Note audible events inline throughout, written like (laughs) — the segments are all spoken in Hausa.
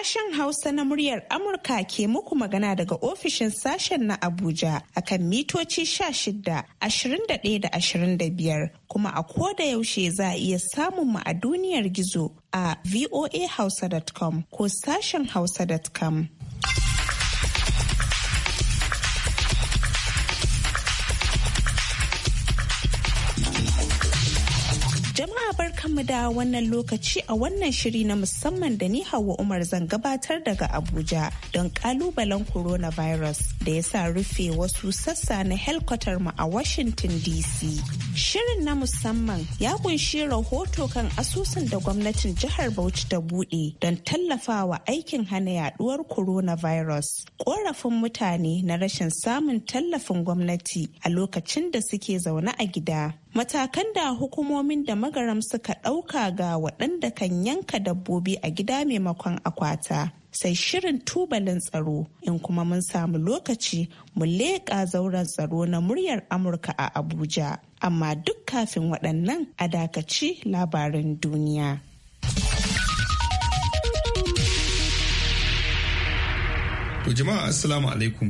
Sashen Hausa na muryar Amurka ke muku magana daga ofishin sashen na Abuja a kan mitoci 16, 21 da 25 kuma a koda yaushe za a iya samun mu a duniyar gizo a voahausa.com ko sashen hausa.com. barkanmu da wannan lokaci a wannan shiri na musamman da ni Hauwa Umar zan gabatar daga Abuja don kalubalen coronavirus da ya sa rufe wasu sassa na helkwatar mu a Washington DC. Shirin na musamman ya kunshi rahoto kan asusun da gwamnatin jihar Bauchi ta buɗe don tallafawa aikin hana yaduwar coronavirus. Korafin mutane na rashin samun tallafin gwamnati a lokacin da suke zaune a gida. Matakan da hukumomin da magaram suka ɗauka ga waɗanda kan yanka dabbobi a gida maimakon akwata. sai shirin tubalin tsaro in kuma mun samu lokaci mu leƙa zauren tsaro na muryar amurka a abuja amma duk kafin waɗannan a dakaci labarin duniya to jama'a assalamu alaikum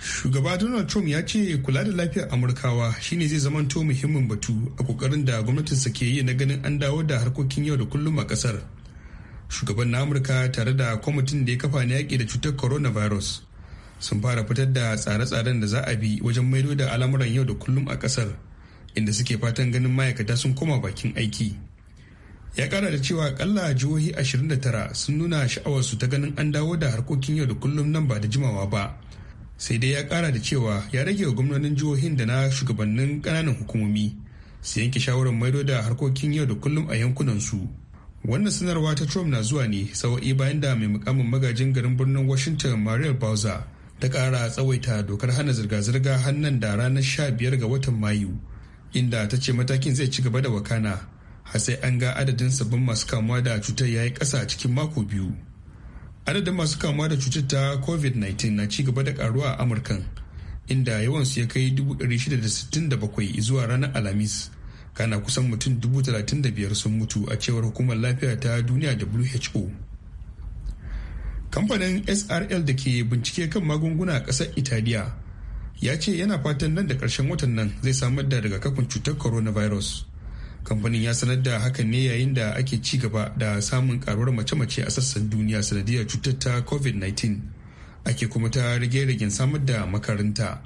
shugaba donald trump ya ce kula da lafiyar amurkawa shine zai zamanto muhimmin batu a kokarin da gwamnatinsa ke yi na ganin an dawo da harkokin yau da kullum a kasar shugaban na amurka tare da kwamitin da ya kafa na yaƙi da cutar coronavirus sun fara fitar da tsare-tsaren da za a bi wajen maido da al'amuran yau da kullum a kasar inda suke fatan ganin ma'aikata sun koma bakin aiki ya kara da cewa akalla jihohi 29 sun nuna sha'awarsu ta ganin an dawo da harkokin yau da kullum nan ba da jimawa ba sai dai ya kara da cewa ya rage wa gwamnonin jihohin da na shugabannin kananan hukumomi su yanke shawarar maido da harkokin yau da kullum a yankunan su wannan sanarwa ta trump na zuwa ne sawa'i bayan da mai mukamin magajin garin birnin washington mariel bowser ta kara tsawaita dokar hana zirga-zirga hannun da ranar 15 ga watan mayu inda ta ce matakin zai ci gaba da wakana har sai an ga adadin sabbin masu kamuwa da cutar ya yi ƙasa cikin mako biyu adadin masu kamuwa da cutar ta covid-19 na ci gaba da karuwa a amurka inda yawansu ya kai 667 zuwa ranar alhamis kana kusan mutum 35,000 sun mutu a cewar hukumar lafiya ta duniya who kamfanin srl da ke bincike kan magunguna a ƙasar italiya ya ce yana fatan nan da ƙarshen watan nan zai samar da rigakafin cutar coronavirus kamfanin ya sanar da hakan ne yayin da ake ci gaba da samun karuwar mace-mace a sassan duniya sanadiyar cutar ta covid-19 ake kuma ta rage-ragen samar da makaranta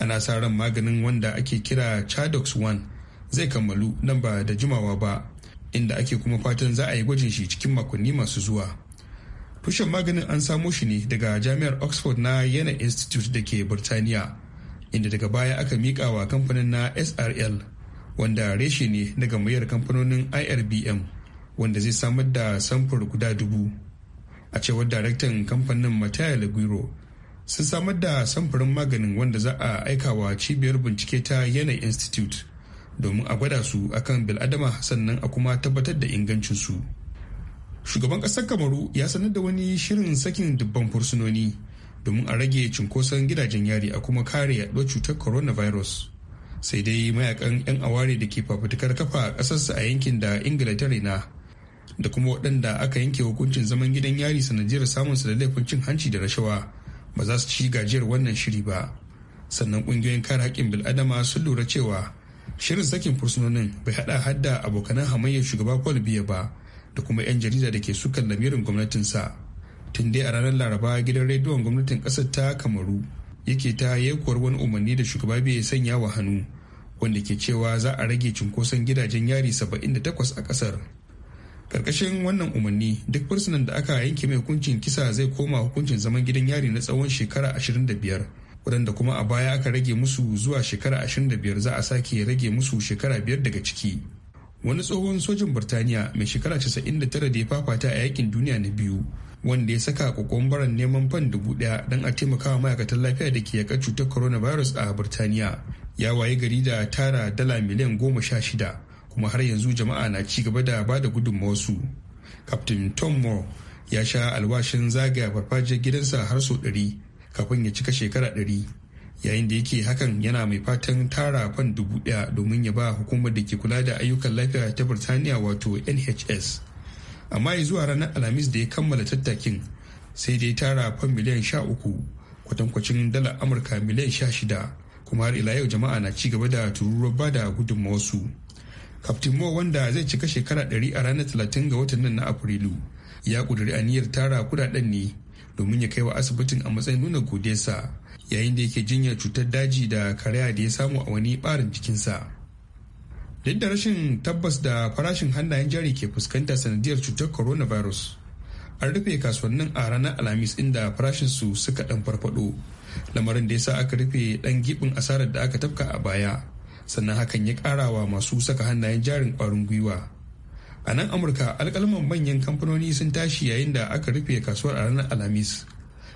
ana sa ran maganin wanda ake kira chadox 1 zai kammalu nan ba da jimawa ba inda ake kuma fatan za a yi gwajin shi cikin makonni masu zuwa tushen maganin an samo shi ne daga jami'ar oxford na yana institute da ke burtaniya inda daga baya aka miƙa wa kamfanin na srl wanda reshe ne na mayar kamfanonin irbm wanda zai samar da samfur guda dubu a cewar daraktan kamfanin mataya laguiro sun samar da samfurin maganin wanda za a aika wa cibiyar bincike ta yanayi institute domin a gwada su akan biladama sannan a kuma tabbatar da ingancinsu shugaban ƙasar kamaru ya sanar da wani shirin sakin dubban fursunoni domin a rage cinkoson gidajen yari a kuma kare yaɗuwar cutar coronavirus sai dai mayakan 'yan aware da ke fafutukar kafa a ƙasarsa a yankin da ingila ta rena da kuma waɗanda aka yanke hukuncin zaman gidan yari sanadiyar samunsa da laifin cin hanci da rashawa ba za su ci gajiyar wannan shiri ba sannan ƙungiyoyin kare haƙƙin bil'adama sun lura cewa shirin sakin fursunonin bai haɗa hadda abokanan hamayyar shugaba paul biya ba da kuma 'yan jarida da ke sukan lamirin gwamnatinsa tun dai a ranar laraba gidan rediyon gwamnatin ƙasar ta kamaru yake ta yankuwar wani umarni da shugaba bai sanya wa hannu wanda ke cewa za a rage cunkoson gidajen yari 78 a kasar karkashin wannan umarni duk fursunan da aka yanke mai hukuncin kisa zai koma hukuncin zaman gidan yari na tsawon shekara 25 waɗanda kuma a baya aka rage musu zuwa shekara 25 za a sake rage musu shekara biyar daga ciki wani tsohon sojin birtaniya mai shekara 99 da ya fafata a yakin duniya na biyu wanda ya saka kokombaran neman fan dubu daya don a taimakawa ma'aikatan lafiya da ke yakar cutar coronavirus a birtaniya ya waye gari da tara dala miliyan goma sha shida kuma har yanzu jama'a na ci gaba da ba da gudunmawarsu captain tom moore ya sha alwashin zagaya farfajiyar gidansa har sau ɗari kafin ya cika shekara ɗari yayin da yake hakan yana mai fatan tara fan dubu daya domin ya ba hukumar da ke kula da ayyukan lafiya ta birtaniya wato nhs amma ya zuwa ranar alhamis da ya kammala tattakin sai dai tara fan miliyan sha uku kwatankwacin dalar amurka miliyan sha shida kuma har ila yau jama'a na ci gaba da tururuwar ba da gudunmawarsu kaftin mo wanda zai cika shekara ɗari a ranar talatin ga watan nan na afrilu ya kuduri aniyar tara kudaden ne domin ya kai wa asibitin a matsayin nuna godiyarsa yayin da yake jinyar cutar daji da karaya da ya samu a wani ɓarin jikinsa duk da rashin tabbas da farashin hannayen jari ke fuskanta sanadiyar cutar coronavirus an rufe kasuwannin a ranar alhamis inda su suka dan farfado lamarin da ya sa aka rufe dan gibin asarar da aka tafka a baya sannan hakan ya wa masu saka hannayen jarin kwarin gwiwa a nan amurka alkalman manyan kamfanoni sun tashi yayin da aka rufe kasuwar a ranar alhamis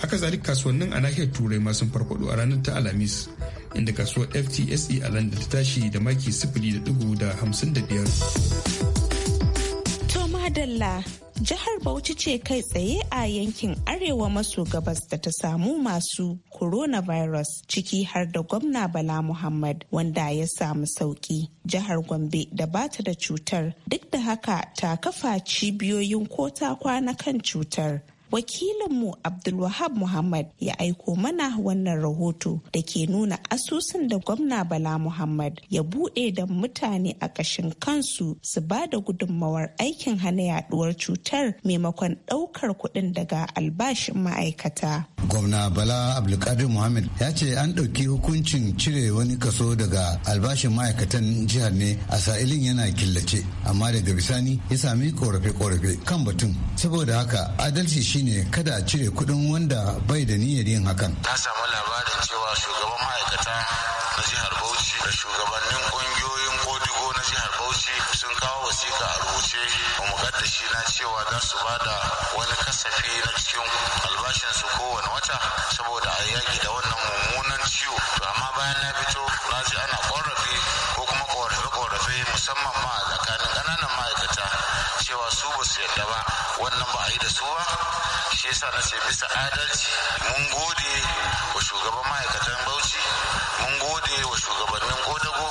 haka zalika kasuwannin a nahiyar turai masu farfado a ranar ta alhamis inda kasuwar ftse a london ta tashi da maki sifili da da hamsin da biyar Toma Dalla, jihar bauchi ce kai tsaye a yankin arewa maso gabas da ta samu masu coronavirus ciki har da gwamna bala muhammad wanda ya samu sauki jihar gombe da bata da cutar duk da haka ta kafa cibiyoyin kota kwana kan cutar wakilinmu abdulwahab muhammad ya aiko mana wannan rahoto da ke nuna asusun da gwamna bala muhammad ya buɗe da mutane a ƙashin kansu su ba da gudunmawar aikin hana yaduwar cutar maimakon ɗaukar kuɗin daga albashin ma'aikata gwamna bala abdulkadir muhammad ya ce an ɗauki hukuncin cire wani kaso daga albashin ma'aikatan jihar ne a sa'ilin yana killace amma daga bisani ya sami korafe-korafe kan batun saboda haka adalci shi shine kada a cire kuɗin wanda bai da niyyar yin hakan. Na samu labarin cewa shugaban ma'aikata na jihar Bauchi da shugabannin ƙungiyoyin kodigo na jihar Bauchi sun kawo wasiƙa a rubuce wa shi na cewa don su ba da wani kasafi na cikin albashinsu kowane wata saboda a yaƙi da wannan mummunan ciwo. To amma bayan na fito na ji ana ƙorafi ko kuma ƙorafe-ƙorafe musamman ma a tsakanin ƙananan ma'aikata cewa su ba yarda ba wannan ba a yi da su ba shi yasa na ce bisa adalci mun gode wa shugaban ma'aikatan bauchi mun gode wa shugabannin kodago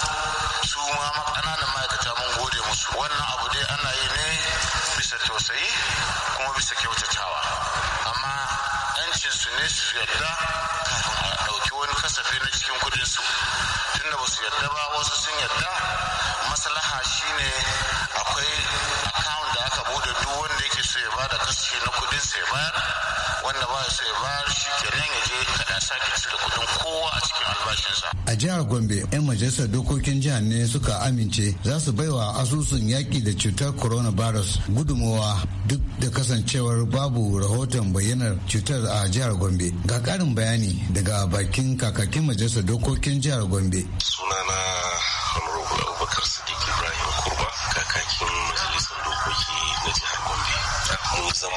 su ma ƙananan ma'aikata mun gode musu wannan abu dai ana yi ne bisa tausayi kuma bisa kyautatawa amma yancin su ne su yarda kafin a ɗauki wani kasafi na cikin kudin su tunda ba su yarda ba wasu sun yarda maslaha shine akwai ba da kashi na kudin sai bayar wanda ba sai bayar shi ke ya je kada sake cire kudin kowa a cikin albashinsa. A jihar Gombe 'yan majalisar dokokin jihar ne suka amince za su bai wa asusun yaƙi da cutar coronavirus gudumawa duk da kasancewar babu rahoton bayyanar cutar a jihar Gombe. Ga karin bayani daga bakin kakakin majalisar dokokin jihar Gombe. Sunana Honorable Abubakar Sadiq Ibrahim.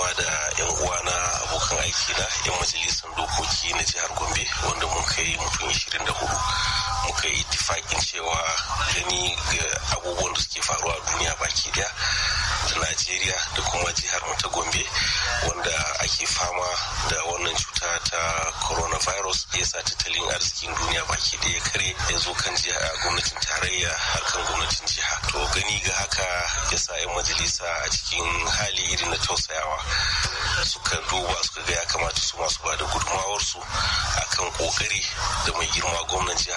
haɗuwa da 'yan uwa na abokan aiki na 'yan majalisar dokoki na jihar Gombe wanda mun kai mutum 24 muka yi tufaƙin cewa gani ga abubuwan da suke faruwa a duniya baki daya da najeriya da kuma jihar Mata gombe wanda ake fama da wannan cuta ta coronavirus ya sa tattalin arzikin duniya baki daya kare ya zo kan gwamnatin tarayya harkan kan gwamnatin jiha to gani ga haka ya sa 'yan majalisa a cikin hali irin na tausayawa suka duba suka ga ya kamata su masu ba da gudunmawarsu akan kokari da mai girma gwamnan jiha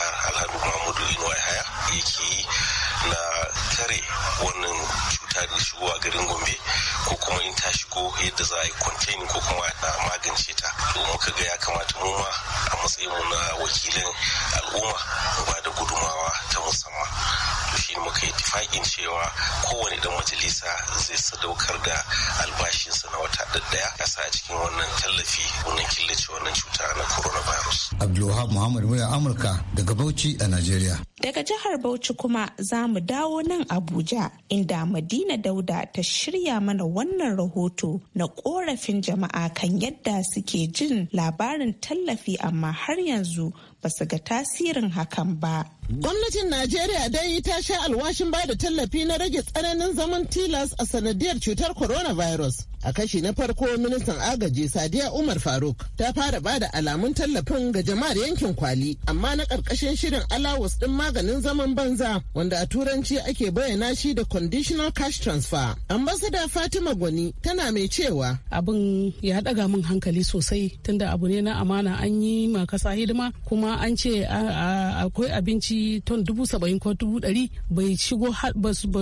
Bauchi kuma za mu dawo nan Abuja inda Madina Dauda ta shirya mana wannan rahoto na korafin jama'a kan yadda suke jin labarin tallafi amma har yanzu ba su ga tasirin hakan ba. Gwamnatin Najeriya dai ta sha alwashin bada tallafi na rage tsananin zaman tilas a sanadiyar cutar coronavirus. A kashi na farko ministan agaji Sadiya Umar Faruk ta fara bada alamun tallafin ga jama'ar yankin kwali amma na ƙarƙashin shirin alawus ɗin maganin zaman banza wanda a turanci ake bayyana shi da conditional cash transfer. Ambasada Fatima Gwani tana mai cewa. Abin ya ɗaga min hankali sosai tunda abu ne na amana an yi ma kasa hidima kuma kuma an ce akwai abinci ton dubu saba'in ko dubu ɗari bai shigo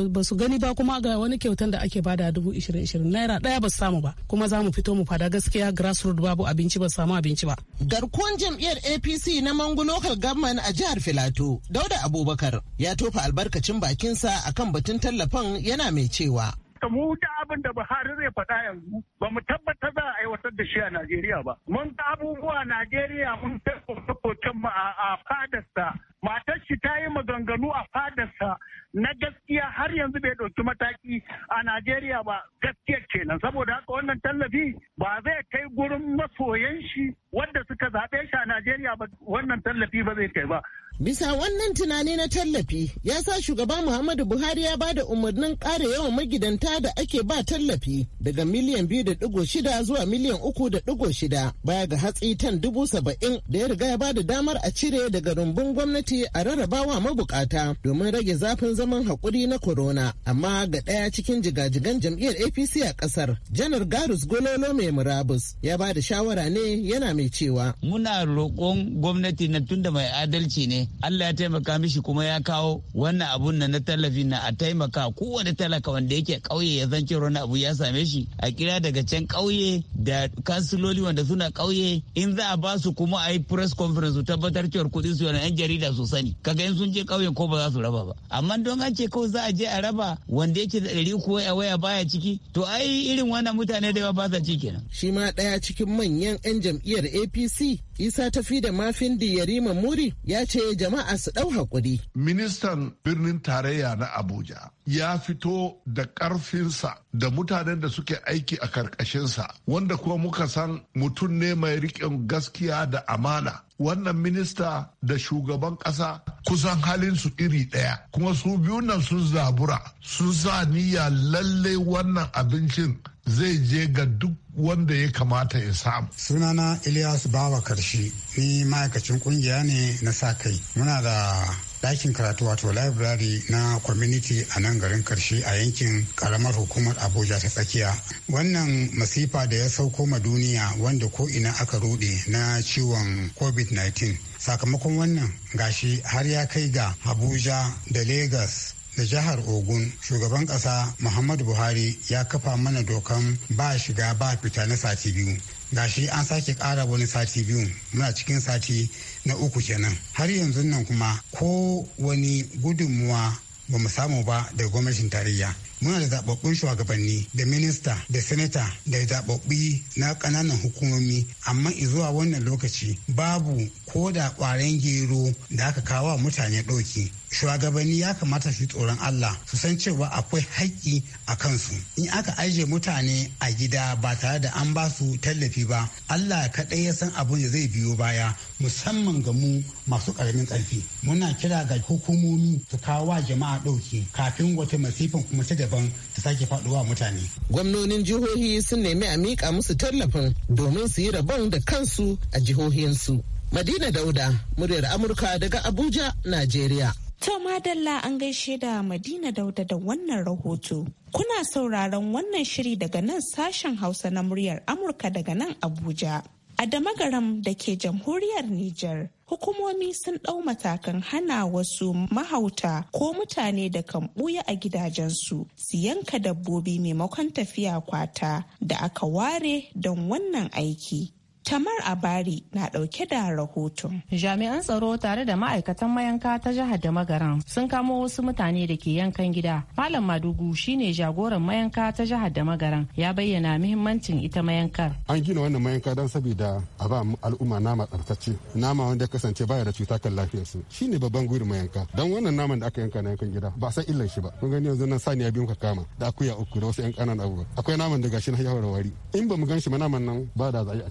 ba su gani ba kuma ga wani kyautan da ake bada dubu ishirin ishirin naira ɗaya ba su samu ba kuma za mu fito mu fada gaskiya grassroot babu abinci ba samu abinci ba. garkuwan jam'iyyar apc na mangu local government a jihar filato dauda abubakar ya tofa albarkacin bakinsa akan batun tallafin yana mai cewa haka mu da abin da Buhari zai faɗa yanzu ba mu tabbata za a aiwatar da shi a Najeriya ba. Mun ga abubuwa Najeriya mun kai koke mu a fadarsa. Matar shi ta yi maganganu a fadarsa na gaskiya har yanzu bai ɗauki mataki a Najeriya ba gaskiya kenan saboda haka wannan tallafi ba zai kai gurin masoyan shi wanda suka zaɓe shi a Najeriya ba wannan tallafi ba zai kai ba. Bisa wannan tunani na tallafi ya sa shugaba Muhammadu Buhari ya ba da umarnin ƙara yawan magidanta da ake ba tallafi daga miliyan biyu da digo shida zuwa miliyan uku da digo shida baya ga hatsi tan dubu saba'in da ya riga ya ba da damar a cire daga rumbun gwamnati a rarrabawa mabukata domin rage zafin zaman haƙuri na corona. Amma ga ɗaya cikin jigajigan jam'iyyar APC a ƙasar janar Garus Gololo mai murabus ya ba da shawara ne yana mai cewa. Muna roƙon gwamnati na tunda mai adalci ne Allah ya taimaka mishi kuma ya kawo wannan abun na tallafi na a taimaka kowane talaka wanda yake kauye ya zance wani abu ya same shi a kira daga can kauye da kansiloli wanda suna kauye in za a ba su kuma a yi press conference su tabbatar cewar kuɗi su yana yan jarida su sani kaga in sun je kauyen ko ba za su raba ba amma don an ce kawai za a je a raba wanda yake da ɗari ko a waya baya ciki to ai irin wannan mutane da yawa ba sa ci kenan. shi ma ɗaya cikin manyan 'yan jam'iyyar apc isa tafi da mafindi yarima muri ya ce jama'a su ɗau haƙuri. ministan birnin tarayya na abuja ya fito da ƙarfinsa da mutanen da suke aiki a ƙarƙashinsa wanda kuma muka san mutum ne mai riƙin gaskiya da amana wannan minista da shugaban ƙasa kusan halinsu iri ɗaya kuma su biyu nan sun zabura sun sa niyya lallai wannan abincin zai je ga duk wanda ya kamata ya samu. Sunana Ilyas Bawa Karshe ni ma'aikacin kungiya ne na sa kai. Muna da ɗakin karatu wato library na community a nan garin karshe a yankin karamar hukumar abuja ta tsakiya wannan masifa da ya sauko ma duniya wanda ko ina aka rude na ciwon covid-19 sakamakon wannan gashi har ya kai ga abuja da lagos da jihar ogun shugaban kasa muhammadu buhari ya kafa mana dokan ba shiga ba fita na sati biyu gashi an sake kara wani sati biyu muna cikin sati na uku kenan har yanzu nan kuma ko wani gudunmuwa ba mu samu ba daga gwamnatin tarayya muna da zababbun shugabanni da minista da senata da zababbi na kananan hukumomi amma zuwa wannan lokaci babu ko da kwaren gero da aka kawo mutane ɗauki shugabanni ya kamata su tsoron Allah su san cewa akwai haƙƙi a kansu in aka ajiye mutane a gida ba tare da an ba su tallafi ba Allah kaɗai ya san abin da zai biyo baya musamman ga mu masu ƙaramin ƙarfi muna kira ga hukumomi su kawo wa jama'a ɗauki kafin wata masifin kuma ta daban ta sake faɗuwa mutane gwamnonin jihohi sun nemi a miƙa musu tallafin domin su yi rabon da kansu a jihohinsu Madina Dauda, muryar Amurka daga Abuja, Najeriya. To madalla an gaishe da Madina Dauda da wannan rahoto. Kuna sauraron wannan shiri daga nan sashen Hausa na muryar Amurka daga nan Abuja. A damagaram da ke jamhuriyar Nijar, hukumomi sun ɗau matakan hana wasu mahauta ko mutane da kan ɓuya a gidajensu su yanka dabbobi maimakon tafiya kwata da aka ware don wannan aiki. Tamar Abari na ɗauke da rahoton. Jami'an tsaro tare da ma'aikatan mayanka ta jihar da magaran sun kamo wasu mutane da ke yankan gida. Malam Madugu shine jagoran mayanka ta jihar da magaran ya bayyana muhimmancin ita mayankar. An gina wannan mayanka don saboda a ba al'umma nama tsartacce. nama wanda ya kasance baya da cuta kan lafiyarsu shine babban gurin mayanka. Don wannan naman da aka yanka na yankan gida ba san illan shi ba. Kun gani yanzu nan ya biyu ka kama da akuya uku da wasu 'yan ƙananan abubuwa. Akwai naman da gashi na yawar wari. In ba mu gan shi ma naman nan ba da za a yi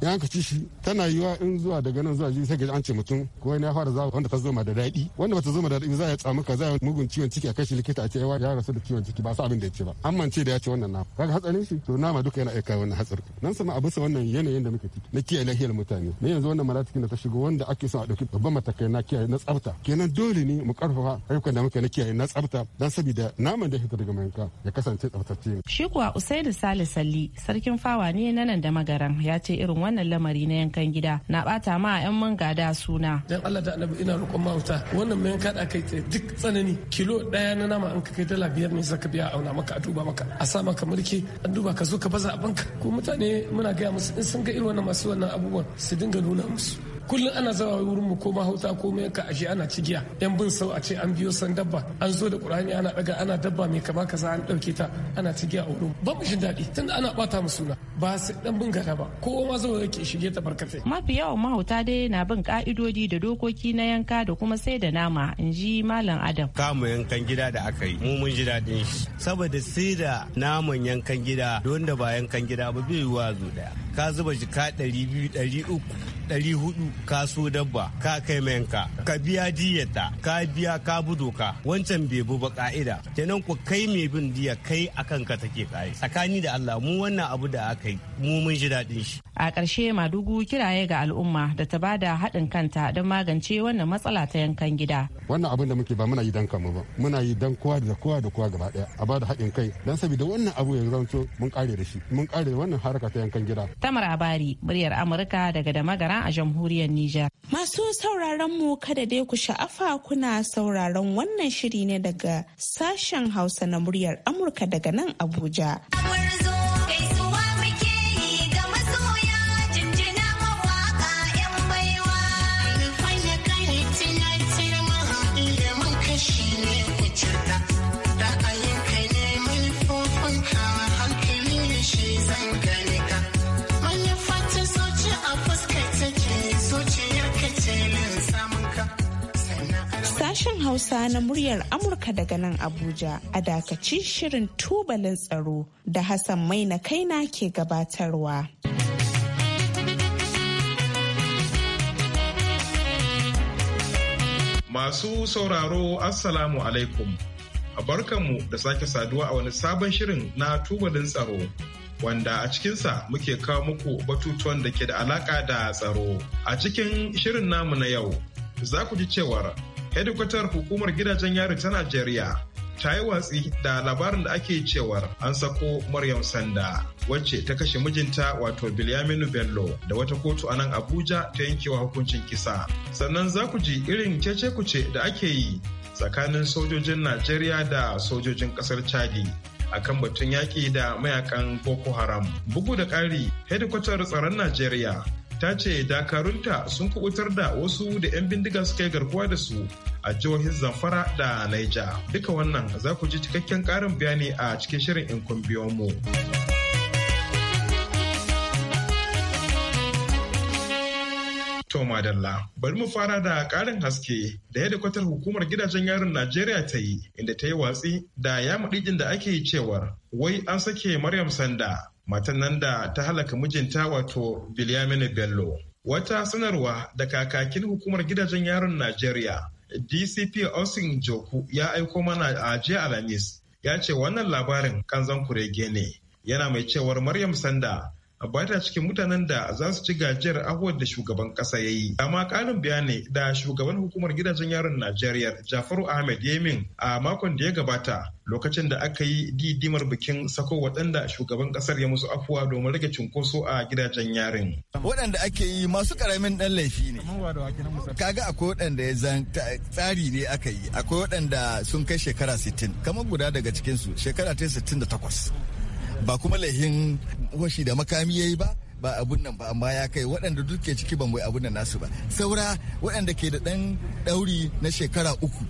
a yan ka ci shi tana yiwa in zuwa daga nan zuwa jini sai ga an ce mutum ko wani ya fara zawo wanda ta zoma da daɗi wanda ba ta zoma da daɗi za ya tsamu ka za ya mugun ciwon ciki a kashi likita a ce ya rasu da ciwon ciki ba su abin da ya ce ba an ce da ya ce wannan nama kaga hatsarin shi to nama duka yana aika wannan hatsari nan sama a bisa wannan yanayin da muke ciki na kiyaye lafiyar mutane ne yanzu wannan malatikin da ta shigo wanda ake son a ɗauki babban matakai na kiyaye na tsafta kenan dole ne mu karfafa ayyukan da muke na kiyaye na tsafta dan saboda naman da fita daga mayanka ya kasance tsaftace. Shi kuwa usaidu Salisalli sarkin fawa ne na nan da magaran ya ce irin wannan lamari na yankan gida na bata ma 'yan mangada suna dan Allah da annabi ina roƙon wuta wannan mai yanka da kai duk tsanani kilo daya na nama an kai dala biyar ne zaka biya auna maka a duba maka a sa maka mulki an duba ka zo ka baza a banka ko mutane muna gaya musu in sun ga irin wannan masu wannan abubuwan su dinga nuna musu kullum ana zama wurin mu ko mahauta ko mai ka ashe ana cigiya yan bin sau a ce an biyo san dabba an zo da qur'ani ana daga ana dabba mai kama kaza an dauke ta ana cigiya a wurin ba mu daɗi tunda ana bata mu suna ba su dan bin gada ba ko ma zo yake shige ta barkatai mafi yawan mahauta dai na bin ka'idodi da dokoki na yanka da kuma sai da nama in ji malam adam kamu yankan gida da aka yi mu mun ji daɗin shi saboda sai da naman yankan gida don da ba yankan gida ba bai yiwuwa zo daya ka zuba jika ɗari biyu ɗari uku ɗari hudu ka so dabba ka kai mayanka ka biya diyata ka biya ka bi doka wancan bai bu ba ka'ida kenan ku kai mai bin diya kai akan ka take kai tsakani da Allah mu wannan abu da aka yi mu mun ji daɗin shi a ƙarshe madugu kiraye ga al'umma da ta bada haɗin kanta don magance wannan matsala ta yankan gida wannan abin da muke ba muna yi dan kanmu ba muna yi dan kowa da kowa da kowa gaba ɗaya a bada haɗin kai dan sabida wannan abu ya zanto mun kare da shi mun kare wannan harka ta yankan gida Tamar Abari, muryar Amurka daga Damagara a jamhuriyar Nijar. Masu sauraron mu kada dai ku sha'afa kuna sauraron wannan shiri ne daga sashen Hausa na muryar Amurka daga nan Abuja. Hausa na muryar Amurka daga nan Abuja a dakaci shirin tubalin tsaro da Hassan mai na kaina ke gabatarwa. Masu sauraro Assalamu alaikum. Barkanmu da sake saduwa a wani sabon shirin na tubalin tsaro. wanda a cikinsa muke kawo muku batutuwan da ke da alaka da tsaro. A cikin shirin namu na yau, za ku ji cewar hedikwatar hukumar gidajen yari ta najeriya ta yi watsi da labarin da ake cewar an sako Maryam Sanda wacce ta kashe mijinta wato Bilyaminu Bello da wata kotu a nan Abuja ta yankewa hukuncin kisa. Sannan za ku ji irin cece kuce da ake yi tsakanin sojojin Najeriya da sojojin kasar Chadi. akan batun yaƙi da mayakan Boko Haram. Bugu da ƙari, hedikwatar tsaron Najeriya ta ce dakarunta sun kubutar da wasu da 'yan bindiga suka yi garkuwa da su a jihohin zamfara da naija duka wannan za ku ji cikakken karin bayani a cikin shirin in mu. Toma Bari mu fara da karin haske da yadda kwatar hukumar gidajen yarin Najeriya ta yi, inda ta yi watsi da ya maɗijin da ake cewar, wai an sake Maryam Sanda matan nan da ta halaka mijinta wato Bilyamini Bello. Wata sanarwa da kakakin hukumar gidajen yaron Najeriya DCP Osin Joku ya aiko mana a jiya Alhamis ya ce wannan labarin kan kurege ne. Yana mai cewar Maryam Sanda bata bata cikin mutanen da za su ci gajiyar ahuwar da shugaban kasa ya yi. Amma ƙarin bayani da shugaban hukumar gidajen yaron Najeriya Jafaru Ahmed Yemin a makon da ya gabata lokacin da aka yi didimar bikin sako waɗanda shugaban ƙasar ya musu afuwa domin rage cunkoso a gidajen yarin. Waɗanda ake yi masu ƙaramin ɗan laifi ne. Kaga akwai waɗanda ya zan tsari ne aka yi, akwai waɗanda sun kai shekara 60, kamar guda daga cikinsu shekara ta 68. ba kuma laihin washi da makami yayi ba ba abun nan ba amma ya kai waɗanda duke ciki ban bai abun nan nasu ba saura waɗanda ke da ɗan ɗauri na shekara uku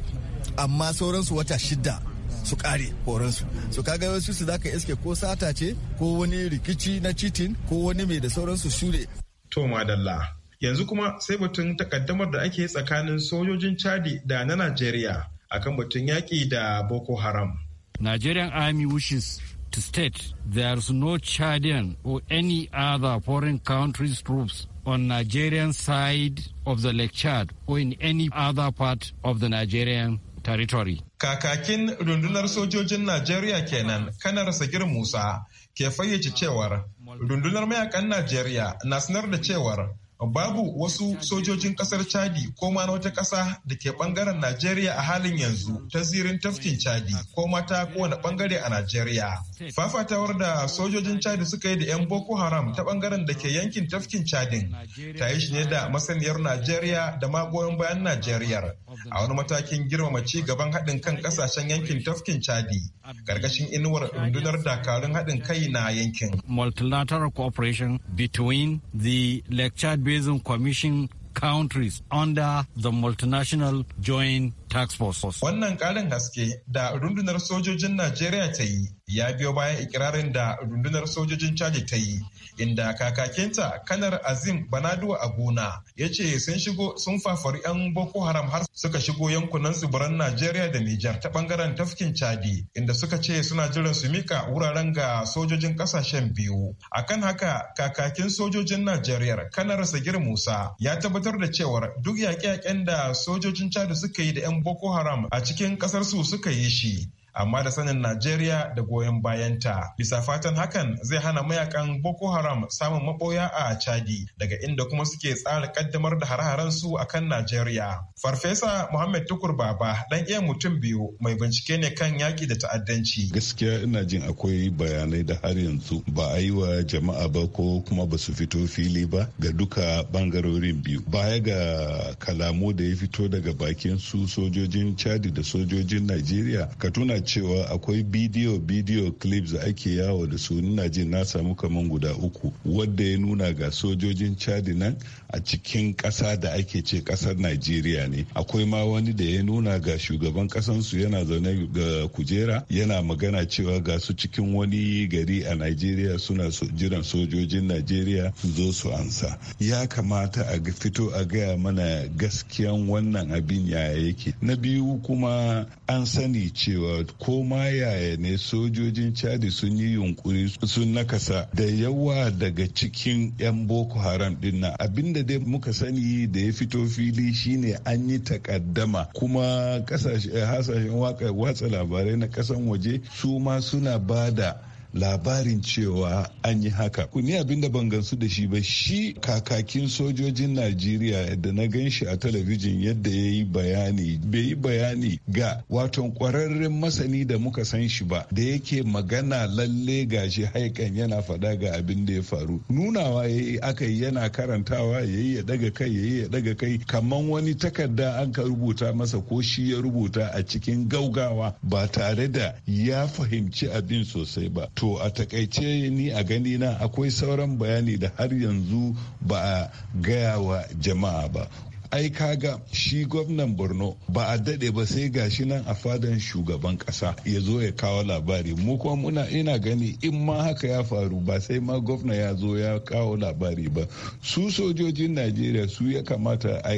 amma sauransu wata shidda su kare horonsu su kaga wasu su zaka iske ko sata ce ko wani rikici na cheating ko wani mai da sauransu shure. to madalla yanzu kuma sai batun takaddamar da ake tsakanin sojojin chadi da na najeriya akan batun yaki da boko haram nigerian army wishes to state there's no Chadian or any other foreign country's troops on Nigerian side of the Lake Chad or in any other part of the Nigerian territory. Kakakin rundunar sojojin Najeriya kenan kanar Sagir Musa ke fayyace cewar rundunar mayakan Najeriya na sanar da cewar Babu wasu sojojin kasar Chadi ko ma na wata kasa da ke bangaren Najeriya a halin yanzu ta zirin tafkin Chadi ko mata kowane bangare a Najeriya. Fafatawar da sojojin Chadi suka yi da 'yan Boko Haram ta bangaren da ke yankin tafkin Chadin ta yi shi ne da masaniyar Najeriya da magoyan bayan Najeriya a wani matakin girmama ci gaban haɗin kan kasashen yankin tafkin Chadi ƙarƙashin inuwar rundunar dakarun haɗin kai na yankin. Multilateral cooperation between the Lake Chad based on commission countries under the multinational joint Task Force. Wannan ƙarin haske da rundunar sojojin Najeriya ta yi ya biyo bayan ikirarin da rundunar sojojin caji ta yi inda kakakinta kanar azim banaduwa a gona ya ce sun shigo sun fafari 'yan boko haram har suka shigo yankunan tsibiran najeriya da nijar ta bangaren tafkin chadi inda suka ce suna jiran su mika wuraren ga sojojin kasashen biyu akan haka kakakin sojojin najeriya kanar sagir musa ya tabbatar da cewar duk yaƙe-yaƙen da sojojin chadi suka yi da 'yan Boko Haram a cikin kasar su suka yi shi amma da sanin Najeriya da goyon bayanta. Bisa fatan hakan zai hana mayakan Boko Haram samun maboya a Chadi daga inda kuma suke tsara kaddamar da hare-haren su kan Najeriya. Farfesa Muhammad Tukur Baba dan iya mutum biyu mai bincike ne kan yaki da ta'addanci. Gaskiya ina jin akwai bayanai da har yanzu ba a yi wa jama'a ba ko kuma ba su fito fili ba ga duka bangarorin biyu. Baya ga kalamu da ya fito daga bakin su sojojin Chadi da sojojin Najeriya ka tuna cewa akwai bidiyo bidiyo clips da ake yawo da su nuna jin na samu kaman guda uku wadda ya nuna ga sojojin chadi nan a cikin ƙasa da ake ce ƙasar nigeria ne akwai ma wani da ya nuna ga shugaban ƙasansu yana zaune ga kujera yana magana cewa ga su cikin wani gari a nigeria suna jiran sojojin nigeria su zo su ansa ya kamata a fito a gaya mana gaskiyan wannan abin yaya yake na biyu kuma an sani cewa ko ma yaya ne sojojin chadi sun yi yunkuri sun nakasa da yawa daga cikin 'yan boko haram din nan abinda dai muka sani da ya fito fili shine an yi takaddama kuma kasashen hasashen watsa labarai na kasan waje su ma suna bada labarin cewa an yi haka ku ni abin da ban gansu da shi ba shi kakakin sojojin najeriya da na gan shi a talabijin yadda ya yi bayani bai yi bayani ga waton kwararren masani da muka san shi ba da yake magana lalle gashi haikan yana faɗa ga abin da ya faru nunawa ya yi aka yi yana karantawa ya yi ya daga kai ya yi ya daga kai kamar wani takarda an ka rubuta masa ko shi ya rubuta a cikin gaugawa ba tare da ya fahimci abin sosai ba to a takaice ni a gani na akwai sauran bayani da har yanzu ba a gaya wa jama'a ba ai kaga shi gwamnan borno ba a daɗe ba sai gashi nan a fadan shugaban ƙasa ya zo ya kawo labari mu kuma muna ina gani in ma haka ya faru ba sai ma gwamna ya zo ya kawo labari ba su sojojin najeriya su ya kamata a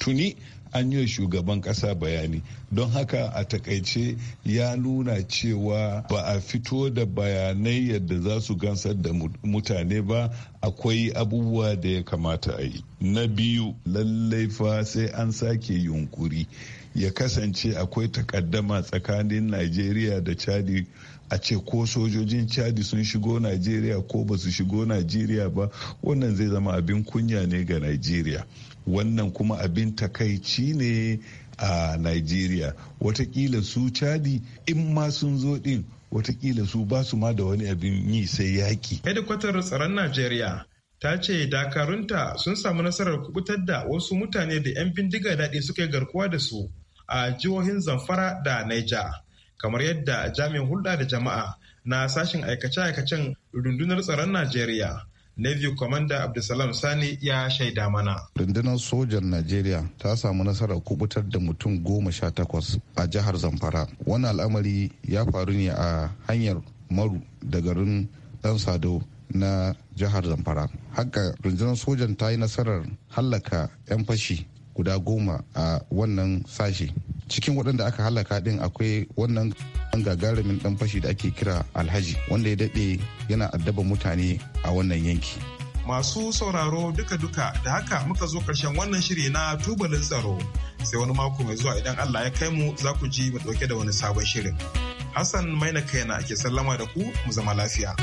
tuni an yi shugaban kasa bayani don haka a takaice ya nuna cewa ba a fito da bayanai yadda za su gansar da mutane ba akwai abubuwa da ya kamata a yi na biyu lallai fa sai an sake yunkuri ya kasance akwai takaddama tsakanin nigeria da chadi a ce ko sojojin chadi sun shigo nigeria ko ba su shigo nigeria ba wannan zai zama abin kunya ne ga nigeria. wannan kuma abin takaici ne a nigeria watakila su chadi in ma sun zo din watakila su ba su ma da wani abin yi sai yaki hedikwatar tsaron nigeria ta ce dakarunta sun samu nasarar kubutar da wasu mutane da 'yan bindiga daɗi suka garkuwa da su a jihohin zamfara da naija kamar yadda jami'in hulɗa da jama'a na sashen aikace-aikacen rundunar tsaron najeriya Navy Commander Abdulsalam Sani ya shaida mana. Rundunar sojan Najeriya ta samu nasarar kubutar da mutum goma sha takwas a jihar Zamfara. Wannan al'amari ya faru ne a hanyar maru da garin Dan Sado na jihar Zamfara. Haka rundunar sojan ta yi nasarar hallaka 'yan fashi guda goma a wannan sashe cikin waɗanda aka halaka ɗin akwai wannan gagarumin ɗan fashi da ake kira alhaji wanda ya daɗe yana addaba mutane a wannan yanki masu sauraro duka-duka da haka muka zo karshen wannan shiri na tubalin tsaro sai wani mako mai zuwa idan allah ya kai mu za ku ji mu ɗauke da wani sabon shirin hassan maina kaina ake sallama da ku mu zama lafiya.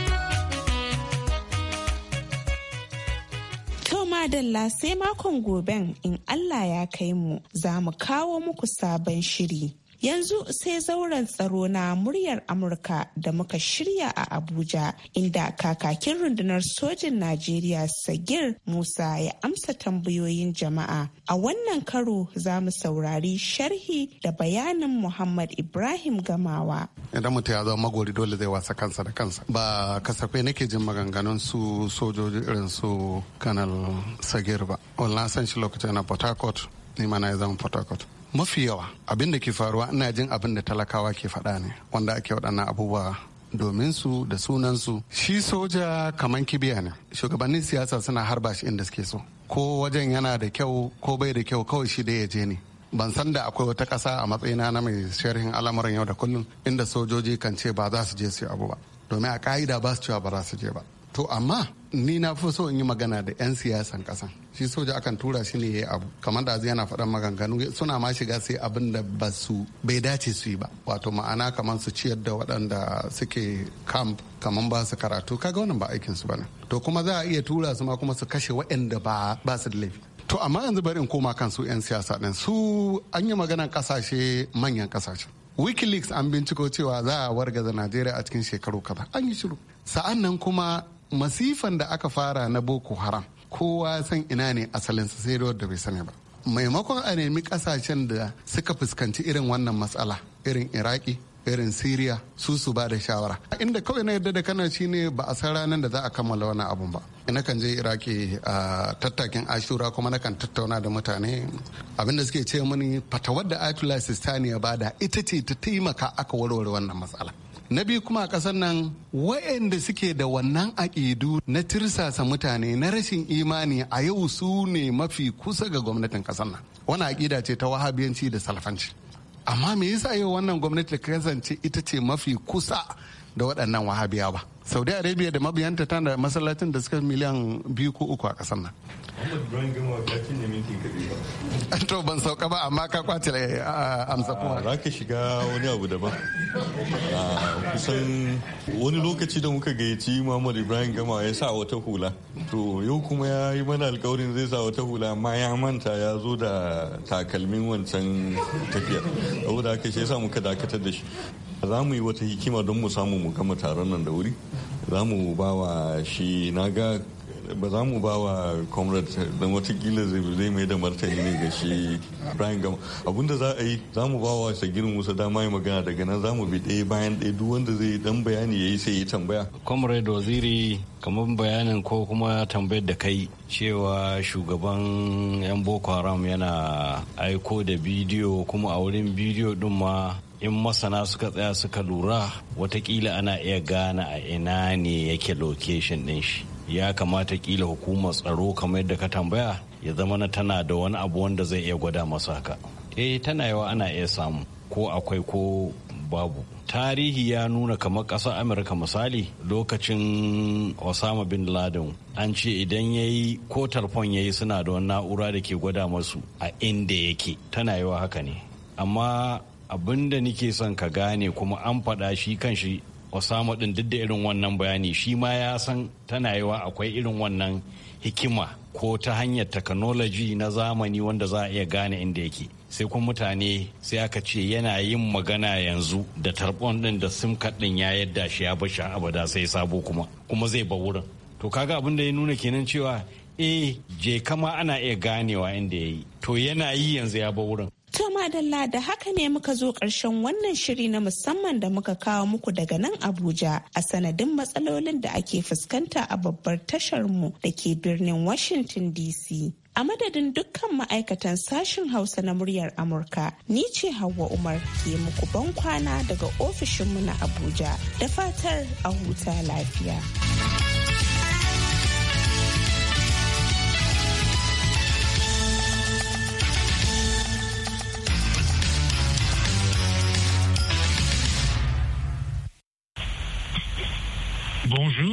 To dalla sai makon goben in Allah ya kai mu za mu kawo muku sabon shiri. Yanzu sai zauren tsaro na muryar Amurka da muka shirya a Abuja inda kakakin rundunar sojin Najeriya Sagir Musa ya amsa tambayoyin jama'a. A wannan karo za mu saurari sharhi da bayanin Muhammad Ibrahim Gamawa. Idan mutum ya zama magori dole zai wasa kansa da kansa. Ba kasafai nake jin maganganun su sojoji irin su kanal Sagir ba. Wallan san shi lokacin na Port Harcourt, ni mana ya zama Port Harcourt. mafi yawa abin da ke faruwa ina jin abin da talakawa ke faɗa ne wanda ake waɗannan abubuwa domin su da sunansu shi soja kamar kibiya ne shugabannin siyasa suna harba shi inda suke so ko wajen yana da kyau ko bai da kyau kawai shi da ya je ne ban san da akwai wata ƙasa a matsayina na mai sharhin al'amuran yau da kullum inda sojoji kan ce ba za su je su abu ba domin a ka'ida ba su cewa ba za su je ba to amma ni na fi so in yi magana da 'yan siyasan kasan shi soja akan tura shi ne ya abu kamar da yana faɗan maganganu suna ma shiga sai abin da ba su bai dace su yi ba wato ma'ana kamar su ciyar da waɗanda suke camp kamar ba su karatu kaga wannan ba aikin su bane to kuma za a iya tura su ma kuma su kashe waɗanda ba ba su da laifi to amma yanzu bari in koma kan su 'yan siyasa ɗin su an yi maganan ƙasashe manyan ƙasashe wikileaks an binciko cewa za a wargaza najeriya a cikin shekaru kaza an yi shiru sa'an nan kuma masifan da aka fara na boko haram kowa san ina ne su sai da bai sani ba maimakon a nemi kasashen da suka fuskanci irin wannan matsala irin iraki irin siriya su su ba da shawara inda kawai na yarda da kana ne ba a san ranar da za a kammala wani abun ba ina kan je iraki a tattakin ashura kuma na kan tattauna da mutane abinda suke ce mani fatawar da atula sistani ya bada ita ce ta taimaka aka warware wannan matsala na biyu kuma a ƙasar nan waɗanda suke da wannan aƙidu na tirsasa mutane na rashin imani a yau su ne mafi kusa ga gwamnatin ƙasar nan wani aƙida ce ta wahabiyanci da salafanci amma me yasa yau wannan gwamnati ta kasance ita ce mafi kusa da waɗannan wahabiya ba saudi arabia da mabiyanta tana da masallacin da suka miliyan biyu ko uku a ƙasar nan (laughs) to ban sauka ba amma ka kwace eh, amsa kuma ah, za ka shiga wani abu daban ah, kusan wani lokaci da muka gayyaci muhammad ibrahim gama ya sa wata hula to yau kuma ya yi mana alkawarin zai sa wata hula amma ya manta ya zo da takalmin wancan tafiyar da aka shi yasa muka dakatar da shi za mu yi wata hikima don mu samu mu gama taron nan da wuri za mu ba wa shi na ga ba za mu ba wa comrade don watakila zai mai da martani ne ga shi brian gama abinda za a yi za mu ba wa sagirin musa dama yi magana daga nan za mu bi ɗaya bayan ɗaya duk wanda zai dan bayani ya yi sai ya tambaya comrade waziri kamar bayanin ko kuma tambayar da kai cewa shugaban yan boko haram yana aiko da bidiyo kuma a wurin bidiyo din ma in masana suka tsaya suka lura watakila ana iya gane a ina ne yake location din shi ya kamata kila hukumar tsaro kamar yadda ka tambaya ya zama na tana da wani abu wanda zai iya gwada masa haka eh tana yawa ana iya samu ko akwai ko babu tarihi ya nuna kamar ƙasar amurka misali lokacin osama bin laden an ce idan ya yi ko talfon ya yi suna da wani na'ura da ke gwada masu a inda yake tana yawa haka ne amma abin da nike son ka gane kuma an faɗa shi kan shi Osama din duk da irin wannan bayani shi ma ya san tana yiwa akwai irin wannan hikima ko ta hanyar technology na zamani wanda za a iya gane inda yake sai kuma mutane sai aka ce yana yin magana yanzu da tarbon din da sim card din ya yadda shi ya bashi abada sai sabo kuma kuma zai ba wurin to kaga abin da ya nuna kenan cewa eh je kama ana iya ganewa inda yayi to yana yi yanzu ya ba wurin To madalla da haka ne muka zo ƙarshen wannan shiri na musamman da muka kawo muku daga nan Abuja a sanadin matsalolin da ake fuskanta a babbar tasharmu da ke birnin Washington DC. A madadin dukkan ma'aikatan sashen Hausa na muryar Amurka, ni ce Hauwa Umar ke muku ban kwana daga ofishinmu na Abuja da fatar a huta lafiya. Bonjour